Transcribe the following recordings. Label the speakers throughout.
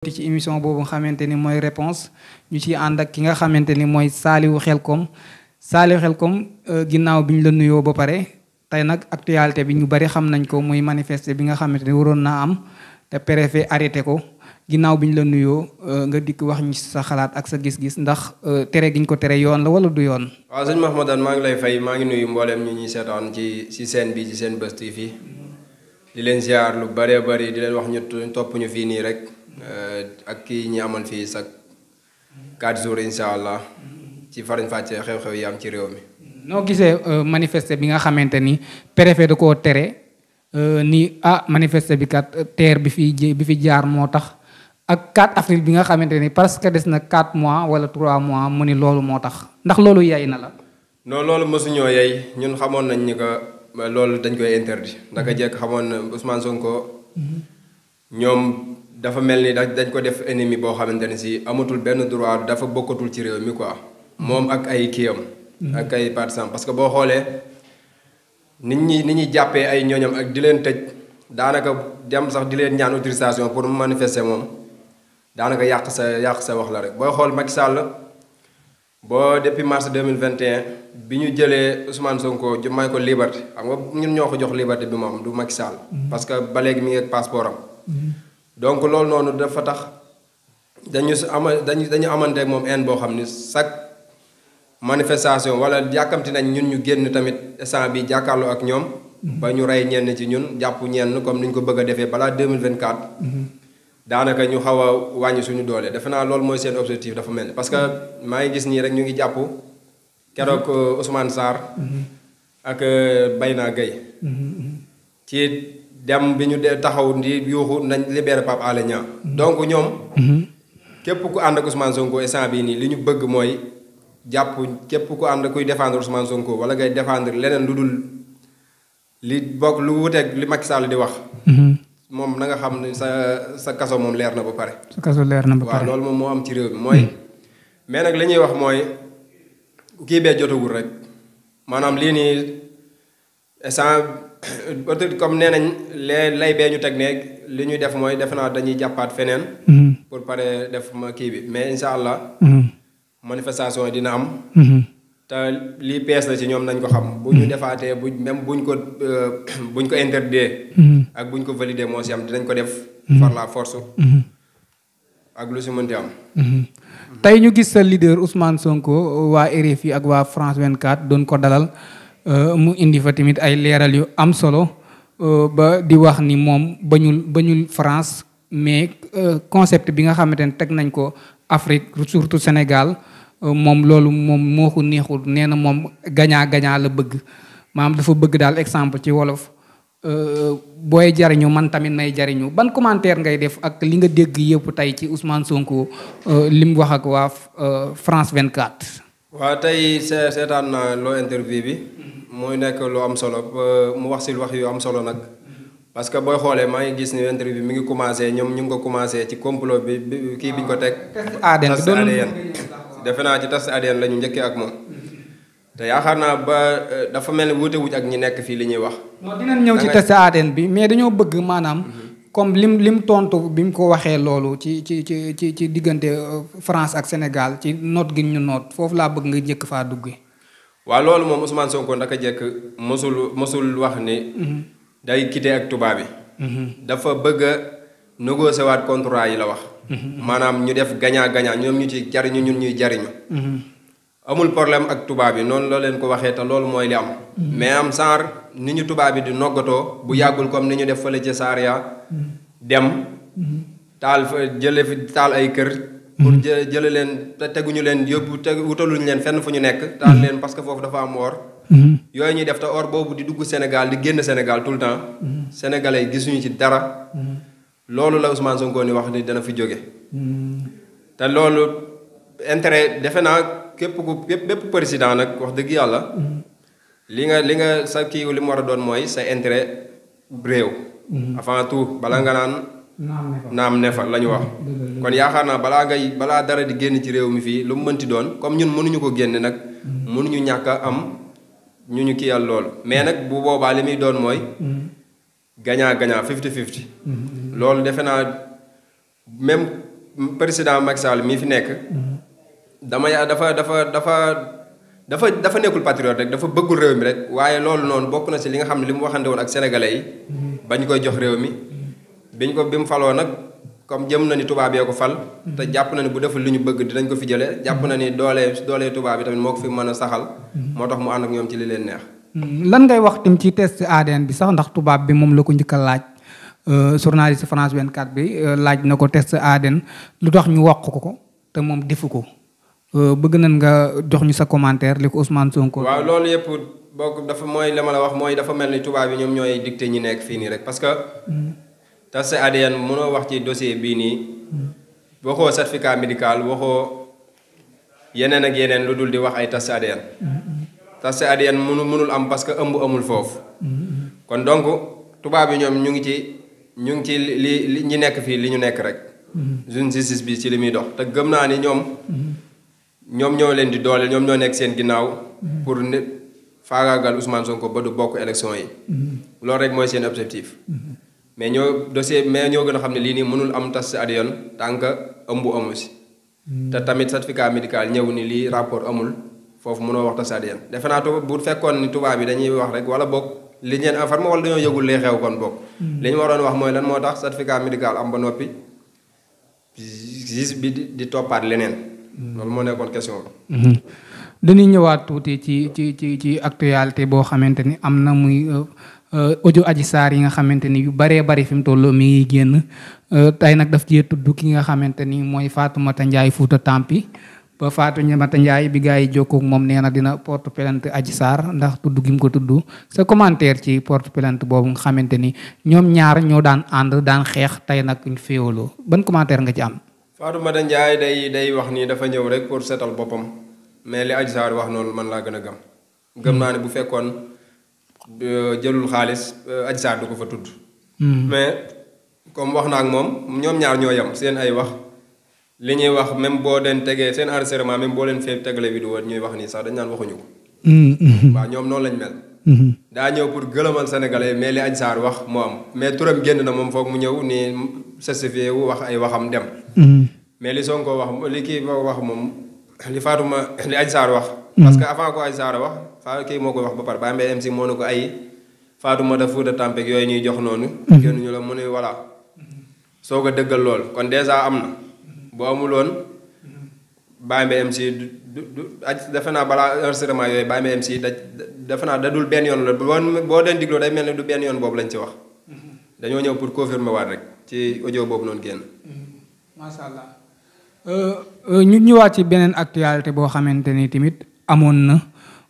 Speaker 1: di ci émission boobu nga xamante ni mooy réponse ñu ci ànd ak ki nga xamante ni mooy kom Khelcom Saliou Khelcom euh, ginnaaw bi ñu la nuyoo ba pare tey nag actualité bi ñu bari xam nañ ko muy manifester bi nga xamante ni waroon naa am te préfet arrêté ko ginnaaw bi ñu la nuyoo euh, nga dikk wax ñu sa xalaat ak sa gis-gis ndax euh, tere gi ñu ko tere yoon la wala du yoon.
Speaker 2: waaw sëñ Mahmoudane maa ngi lay fay maa ngi nuyu mboolem ñi ñuy seetaan ci ci seen bi ci seen Buzz fii di leen ziar lu bëree bëri di leen wax ñu topp ñu fii nii rek. Euh, ak kii ñi amal fii sa quatre jours incha allah ci farañ fàccee xew-xew yi am ci réew mi.
Speaker 1: noo gisee euh, manifester bi nga xamante ni préfet da ko tere euh, ni ah manifester bi kat terre bi fi bi fi jaar moo tax ak 4 afril bi nga xamante ni parce que des na 4 mois wala trois mois mu ni loolu moo tax ndax loolu yaay na la.
Speaker 2: noon loolu mësuñoo yey ñun xamoon nañ ni que loolu dañ koy interdit ndaka jekk xamoon na Ousmane Sonko mhm. ñoom. dafa mel ni dañ ko def ennemi boo xamante ne si amatul benn droit dafa bokkatul ci réew mi quoi. moom ak ay kiyam mm-hmm. ak ay partisan parce que boo xoolee nit ñi nit ñuy jàppee ay ñooñam ak di leen tëj daanaka dem sax di leen ñaan autorisation pour mu manifester moom daanaka yàq sa yàq sa wax la rek boo xool Macky Sall boo depuis mars 2021 bi ñu jëlee Ousmane Sonko ju may ko liberté xam nga ñun ñoo ko jox liberté bi moom du Macky Sall. Mm-hmm. parce que ba léegi mi ngi ak donc loolu noonu dafa tax dañu si ama dañu dañu amanteeg moom en boo xam ni chaque manifestation wala yàkkamti nañ ñun ñu génn tamit instant bi jàkkaarloo ak ñoom. Mhm. ba ñu rey ñenn ci ñun jàpp ñenn comme ni ñu ko bëgg a defee balaa 2024. Mhm. daanaka ñu xaw a wàññi suñu doolee defe naa loolu mooy seen objectif dafa mel ni parce que mhm. maa ngi gis nii rek ñu ngi jàppu keroog euh, Ousmane saar ak euh, Bayna Gueye. ci dem bi ñu dee taxaw ndi yuuxu nañ libéré Pape Alé Niang donc ñoom. Mhm. képp ku ànd ak Ousmane Sonko instant bii nii li ñu bëgg mooy jàpp képp ku ànd kuy défendre Ousmane Sonko wala ngay défendre leneen lu dul li bokk lu wuteeg li Macky Sall di wax. Mhm. moom na nga xam ne sa sa kaso moom leer na ba pare. sa kaso leer na ba pare loolu moom moo am ci réew bi mooy. Mhm. mais nag li ñuy wax mooy kii bee jotagul rek maanaam lii nii instant. autorité comme nee nañ lee lay bee ñu teg ne li ñuy def mooy defe naa dañuy jàppaat feneen. Mm-hmm. pour pare def ma kii bi mais incha allah. Mm-hmm. manifestation yi dina am. Mm-hmm. te lii pees la ci ñoom nañ ko xam. bu ñu defaatee buñ même buñ ko euh, buñ ko interdire. ak buñ ko valider moo si am dinañ ko def. par la force. ak lu si ti am.
Speaker 1: tey ñu gis sa leader Ousmane Sonko waa RFI ak waa France 24 doon ko dalal. Euh, mu indi fa tamit ay leeral yu am solo euh, ba di wax ni moom bañul bañul France mais euh, concept bi nga xamante ne teg nañ ko Afrique surtout Sénégal moom loolu moom moo ko neexul nee na moom gañaa gagnant la bëgg maanaam dafa bëgg daal exemple ci wolof booy jariñu man tamit may jariñu ban commentaire ngay def ak li nga dégg yëpp tey ci Ousmane Sonko li mu wax ak waa France 24.
Speaker 2: waaw tey seetaan naa loo interview bi mm-hmm. muy nekk lu am solo mu wax si lu wax yu am solo nag mm-hmm. parce que booy xoolee maa ngi gis ni interview bi mi ngi commencé ñoom ñu ngi ko commencé ci complot bi kii bi ñu ko teg. Ah, test ADN defe naa ci test ADN la ñu njëkkee ak moom. Mm-hmm. te yaakaar naa ba eh, dafa mel ni wuute ak ñi nekk fii li ñuy wax. dinañ ñëw ci test
Speaker 1: ADN bi mais dañoo bëgg maanaam. comme lim lim tontu bi mu ko waxee loolu ci ci ci ci ci diggante euh, France ak Sénégal ci noot gi ñu noot foofu laa bëgg nga njëkk faa duggee.
Speaker 2: waaw loolu moom Ousmane Sonko ndaka jekk mosul mosul wax ni. Mhm. day quitté ak tubaab bi. Mhm. dafa bëgg a négocier contrat yi la wax. Mhm. maanaam ñu def gagnant gagnant ñoom ñu ci jariñu ñun ñuy jariñu. amul problème ak tubaab yi noonu la leen ko waxee te loolu mooy li am. mais am saar ni ñu tubaab yi di noggatoo bu yàggul comme ni ñu def fële ca saar ya dem. taal fa jële fi taal ay kër. pour jë jële leen te teguñu leen yóbbu te wutaluñu leen fenn fu ñu nekk. taal leen parce que foofu dafa am or. yooyu ñuy def te or boobu di dugg Sénégal di génn Sénégal tout le temps. sénégalais gisuñu ci dara. loolu la Ousmane Sonko ni wax ni dana fi jóge mm. te loolu intérêt defe naa. képp ku képp bépp président nag wax dëgg yàlla. li nga li nga sa kii li mu war a doon mooy sa intérêt réew. Mm-hmm. avant tout bala nga naan. naam ne fa la wax. kon yaakaar naa balaa ngay balaa dara di génn ci réew mi fii lu mu mënti doon comme ñun mënuñu ko génne nag. Mm-hmm. mënuñu ñàkk am ñu ñu kiyal lool mais nag bu boobaa li muy doon mooy. Mm-hmm. gagnant gagnant fifty fifty. loolu defe naa même président Macky mi fi nekk. dama yaa dafa dafa dafa dafa dafa nekkul patriote rek dafa bëggul réew mi rek waaye loolu noonu bokk na si li nga xam ne li mu waxande woon ak sénégalais yi mm-hmm. bañ koy jox réew mi mm-hmm. biñ ko bi mu faloo nag comme jëm na ni tubaab yee ko fal mm-hmm. te jàpp na ni bu deful li ñu bëgg dinañ ko fi jëlee jàpp na ni doolee doolee tubaab bi tamit moo ko fi mën a saxal moo tax mu ànd ak ñoom ci li leen neex
Speaker 1: lan ngay wax tim ci test ADN bi sax ndax tubaab bi moom la ko njëkk a laaj euh, journaliste France 24 bi euh, laaj na ko test ADN lu tax ñu wax ko ko te moom defu ko Euh, bëgg nañ nga jox ñu sa commentaire li ko Ousmane Sonko. waaw
Speaker 2: loolu yëpp bokk dafa mooy la ma la wax mooy dafa mel ni tubaab yi ñoom ñooy dicté ñi nekk fii nii rek parce que. Mm. tas sa ADN wax ci dossier bii nii. Mm. waxoo certificat médical waxoo yeneen ak yeneen lu dul di wax ay tas sa ADN. Mm-hmm. tas mënul am parce que ëmb amul foofu. Mm-hmm. kon donc tubaab yi ñoom ñu ngi ci ñu ngi ci li li ñi nekk fii li ñu nekk rek. june mm-hmm. justice bi ci li muy dox te gëm naa ni ñoom. ñoom ñoo leen di doole ñoom ñoo nekk seen ginnaaw pour ne faagaagal Ousmane Sonko ba du bokk élection yi mm-hmm. loolu rek mooy seen objectif mm-hmm. mais ñoo dossier mais ñoo gën a xam ne lii nii mënul am tas si ad yoon tant que ëmb amu si mm-hmm. te tamit certificat médical ñëw ni lii rapport amul foofu mënoo wax tas si ad defe naa tu bu fekkoon ni tubaab bi dañuy wax rek wala bokk li ñeen informé ah, wala dañoo yëgul lee xew kon bokk li ñu waroon wax mooy lan moo tax certificat médical am ba noppi bi di toppaat leneen loolu moo nekkoon question
Speaker 1: mhm. dañuy ñëwaat tuuti ci ci ci ci actualité boo xamante ni am na muy euh, euh, audio Adji Sarr yi nga xamante ni yu baree bari fi mu toll mi ngi génn euh, tey nag daf cee tudd ki nga xamante ni mooy Fatoumata Ndiaye Fouta Tampi ba Fatoumata njaay bi gars yi jokkoog moom nee na dina porte plainte Adji Sarr ndax tudd gim ko tudd sa commentaire ci porte plainte boobu nga xamante ni ñoom ñaar ñoo daan ànd daan xeex tey nag ñu féewaloo ban commentaire nga ci am.
Speaker 2: Fatoumata Ndiaye day day wax nii dafa ñëw rek pour seetal boppam mais li aj Sarr wax noonu man laa gën a gëm gëm naa ne bu fekkoon euh, jëlul xaalis euh, Adji Sarr du tudd hmm. mais comme wax naa ak moom ñoom ñaar ñoo yem seen ay wax li ñuy wax même boo leen tegee seen enregistrement même boo leen fee tegale vidéo ñuy wax nii sax dañ naan waxuñu ko. Hmm. waaw ñoom noonu lañ mel. Hmm. daa ñëw pour gëlëmal sénégalais mais li aj saar wax moo am mais turam génn na moom foog mu ñëw ni certifié wu wax ay waxam dem. mais li Sonko wax li kii ma wax moom li Fatouma li Adji saar wax. Hmm. parce que avant ko Adji Sarr wax fa kii moo ko wax ba pare ba mbay si moo ne ko ay Fatouma da fuuta tàmpeeg yooyu ñuy jox noonu. Hmm. kenn ñu la mu ne voilà. soo ko dëggal lool kon dèjà am na. bu amuloon ba mbay du du du defe naa balaa enregistrement yooyu ba mbay da defe naa dadul benn yoon la boo boo leen digloo day mel ne du benn yoon boobu lañ ci wax. Hmm. dañoo ñëw pour confirmer waat rek ci ojo boobu noonu génn. Euh,
Speaker 1: euh, ñu ñëwaat ci beneen actualité boo xamante ni tamit amoon na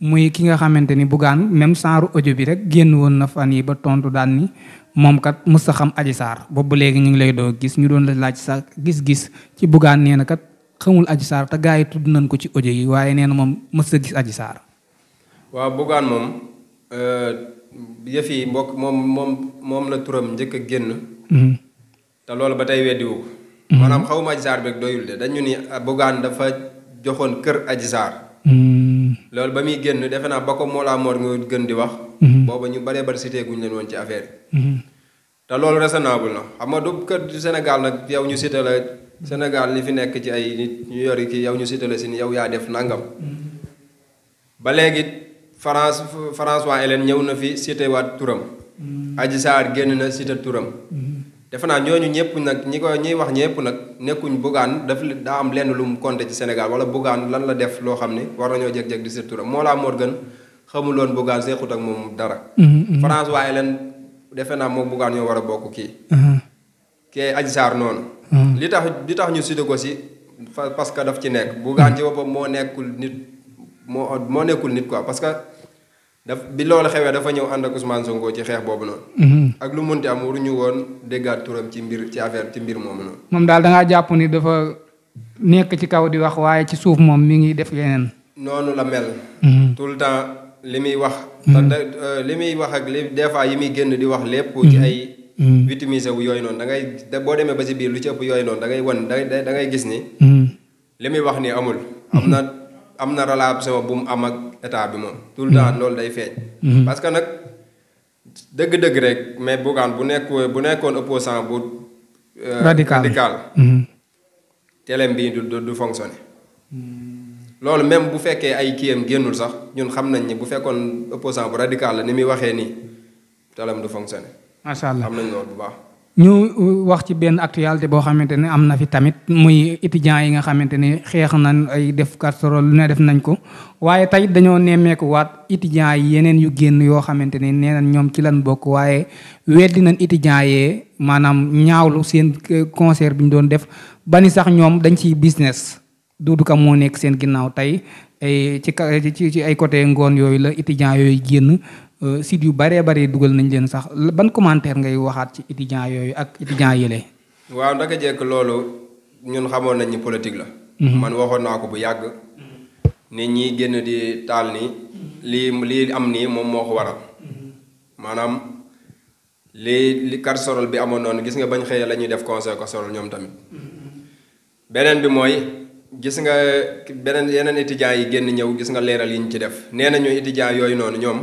Speaker 1: muy ki nga xamante ni Bougane même senre audio bi rek génn woon na fan yi ba tontu daan ni moom kat mës a xam Adji Sarr boobu léegi ñu ngi lay doo gis ñu doon la laaj sa gis-gis ci Bougane nee kat xamul Adji saar te gars yi tudd nañ ko ci audio yi waaye nee moom mës a gis aji
Speaker 2: saar waaw Bougane moom euh, yëf mbokk moom moom la turam njëkk a génn. Mm-hmm. te loolu ba tey weddiwu Mhm. maanaam xaw ma Adji Sarr beeg doyul de dañu ni Bougane dafa joxoon kër Adji Sarr.
Speaker 1: Mhm.
Speaker 2: loolu ba muy génn defe naa ba ko Mollah Mor nga gën di wax. Mhm. booba ñu baree bari cité guñ leen woon ci affaire te loolu raisonnable na xam nga du kër Sénégal nag yow ñu cité la Sénégal li fi nekk ci ay nit ñu yori kii yow ñu cité la si ni yow yaa def nangam. ba léegi France François Hélène ñëw na fi cité waat turam. Adji Sarr génn na cité turam. defe naa ñooñu ñëpp nag ñi ko ñuy wax ñëpp nag nekkuñ Bougane daf daa am lenn lu mu compté ci Sénégal wala Bougane lan la def loo xam ne war ñoo jeg-jeg di surtout moo laa Morgan xamuloon Bougane seexut ak moom dara. Mm-hmm, mm-hmm. France waaye leen defe naa moom Bougane ñoo war a bokk kii. Uh-huh. kee Adji Sarr noonu. Mm-hmm. li tax li tax ñu sudee ko si parce que daf ci nekk Bougane ci boppam moo nekkul nit moo moo nekkul nit quoi parce que. daf bi loolu xewee dafa ñëw ànd ak Ousmane Sonko ci xeex boobu noonu. Mhm. ak lu munti am waruñu woon déggaat turam ci mbir ci affaire ci mbir moom
Speaker 1: ci kaw di mi ngi def yeneen.
Speaker 2: noonu la mel. Mhm. tout le temps li muy wax. Mhm. te euh, li muy wax ak li des fois yi muy génn di wax lépp. ci ay victimisé wu yooyu noonu da ngay boo demee ba si biir lu ci ëpp yooyu noonu da da da ngay gis ni. li muy wax nii amul. am na am na relation bu mu am ak état bi moom. tout le temps mm-hmm. loolu day feeñ. Mm-hmm. parce que nag dëgg-dëgg rek mais Bougane bu nekkoo bu nekkoon opposant bu. Euh, radical radical. Mm-hmm. teleem bii du du fonctionner. loolu même bu fekkee ay kiyam génnul sax ñun xam nañ ni bu fekkoon opposant bu radical la ni muy waxee nii teleem du fonctionner. macha allah nañ loolu bu baax.
Speaker 1: ñu uh, wax ci benn actualité boo xamante ne am na fi tamit muy étudiants yi nga xamante ne xeex na ay def casserole lu ne def nañ ko waaye tey dañoo nemmeeku waat étudiants yi yeneen yu génn yoo xamante ne nee nañ ñoom ci lan bokk waaye weddi nañ étudiants yee maanaam ñaawlu seen eh, concert bi ñu doon def ba ni sax ñoom dañ ciy business Doudou Ka moo nekk seen ginnaaw tey eh, ci ci ci ay côté ngoon yooyu la étudiants yooyu génn Euh, sit yu baree bare dugal nañ leen sax ban commentaire ngay waxaat ci étudiants yooyu ak étudiants yële.
Speaker 2: waaw a jekk loolu ñun xamoon nañ ni politique la. Mhm. man waxoon naa ko bu yàgg. nit ñi génn di taal nii. lii lii am nii moom moo ko waral. maanaam lii li kar sorol bi amoon noonu gis nga bañ xëyee la ñuy def conseil ko sorol ñoom tamit. beneen bi mooy gis nga beneen yeneen étudiants yi génn ñëw gis nga leeral yi ñu ci def nee nañu étudiants yooyu noonu ñoom.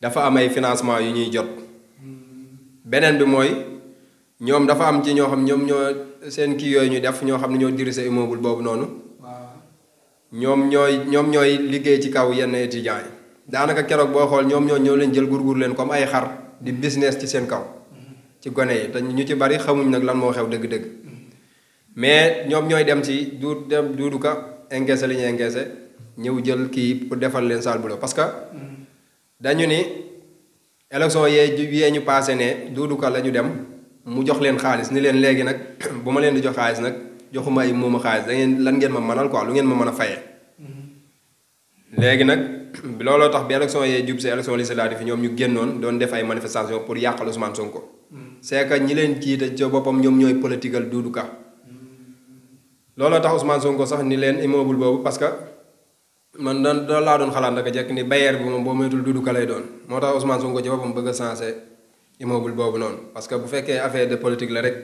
Speaker 2: dafa am ay financement yu ñuy jot beneen bi mooy ñoom dafa am ci ñoo xam ñoom ñoo seen kii yooyu ñu def ñoo xam ne ñoo dirigé immeuble boobu noonu ñoom ñooy ñoom ñooy liggéey ci kaw yenn étudiants yi daanaka keroog boo xool ñoom ñoo ñoo leen jël gurgur leen comme ay xar di business ci seen kaw mm-hmm. ci gone yi te ñu ci bari xamuñ nag lan moo xew dëgg-dëgg mm-hmm. mais ñoom ñooy dem ci du dem duuduka encaissé li ñu encaissé ñëw jël kii pour defal leen salle bu parce que mm-hmm. dañu ni élection yee yee ñu paase ne Doudou Ka la ñu dem mu jox leen xaalis ni leen léegi nag bu ma leen di jox xaalis nag joxuma ay mooma xaalis da ngeen lan ngeen ma mënal quoi lu ngeen ma mën a fayee. Mm-hmm. léegi nag looloo tax bi élection yee jub si élection législative ñoom ñu génnoon doon def ay manifestation pour yàqal Ousmane Sonko. Mm-hmm. c'est que ñi leen jiite ca boppam ñoom ñooy politikal Doudou Ka. Mm-hmm. looloo tax Ousmane Sonko sax ni leen immeuble boobu parce que. man doon doon laa doon xalaat naka jekk ni bailleur bi moom boo moytul Doudou Ka lay doon moo tax Ousmane Sonko ci boppam bëgg a sensé boobu noonu parce que bu fekkee affaire de politique la rek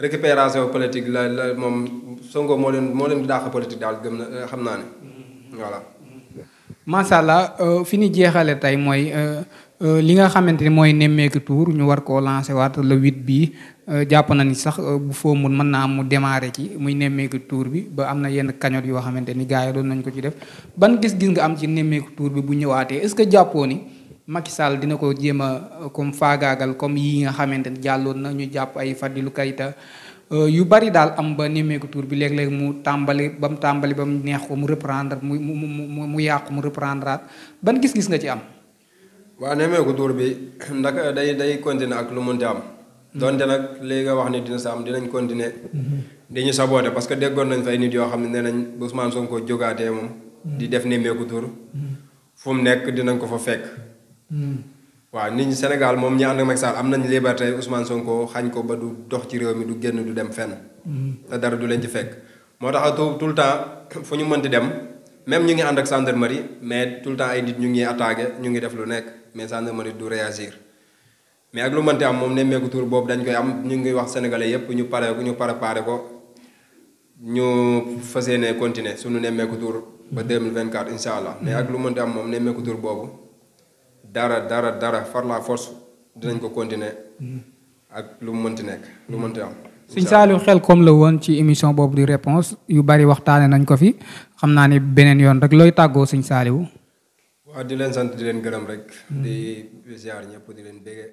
Speaker 2: récupération politique la la moom Sonko moo leen moo leen dàq politique daal gëm na euh, xam naa ne mm-hmm. voilà. Mm-hmm.
Speaker 1: macha allah euh, fi ñu jeexale tey mooy euh, Euh, li nga xamante ni mooy nemmeeku tour ñu war koo lancé waat la huit bii euh, jàpp na ni sax euh, bu foomul mën naa mu démarré ci muy nemmeeku tour bi ba am na yenn cagnotte yoo xamante ni gars doon nañ ko ci def ban gis-gis nga am ci nemmeeku tour bi bu ñëwaatee est-ce que jàppoo ni Macky Sall dina ko jéem a comme faagaagal comme yii nga xamante ni jàlloon na ñu jàpp ay Fadilou Keita yu bari daal am ba nemmeeku tour bi léeg-léeg mu tàmbali ba mu tàmbali ba mu neex ko mu reprendre mu mu mu mu yàqu mu reprendre ban gis-gis nga ci am.
Speaker 2: waa nemmeeku tuur bi ndax day day continuer ak lu mënti am. donte nag léegi nga wax ni dina sa am dinañ continuer. Mhm. di ñu saboote parce que déggoon nañ fay nit yoo xam ne nee nañ bu Ousmane Sonko moom. Mhm. di def nemmeeku tuur. Mhm. mu nekk dinañ ko fa fekk. waaw nit ñi Sénégal moom ñi ànd ak Macky Sall am nañ liberté Ousmane Sonko xañ ko ba du dox ci réew mi du génn du dem fenn. te dara du leen ci fekk. moo tax tout tout le temps fu ñu mënti dem même ñu ngi ànd ak gendarmerie mais tout le temps ay nit ñu ngi attaqué ñu ngi def lu nekk. mais gendarmerie du réagir mais ak lu mënti am moom nemmeeku tur boobu dañ koy am ñu ngi wax sénégalais yépp ñu pare ñu pare préparé ko ñu fas yéene continuer suñu nemmeeku tur ba 2024 incha allah mais ak lu mënti am moom nemmeeku tur boobu dara dara dara par la force dinañ ko continuer ak lu mënti nekk lu ti am. Sëñ
Speaker 1: xel Khelcom la woon ci émission boobu di réponse yu bari waxtaane nañ ko fi xam naa ni beneen yoon rek looy tàggoo Sëñ Saliou
Speaker 2: waaw di leen sant di leen gërëm rek. di ziar ñëpp di leen bége.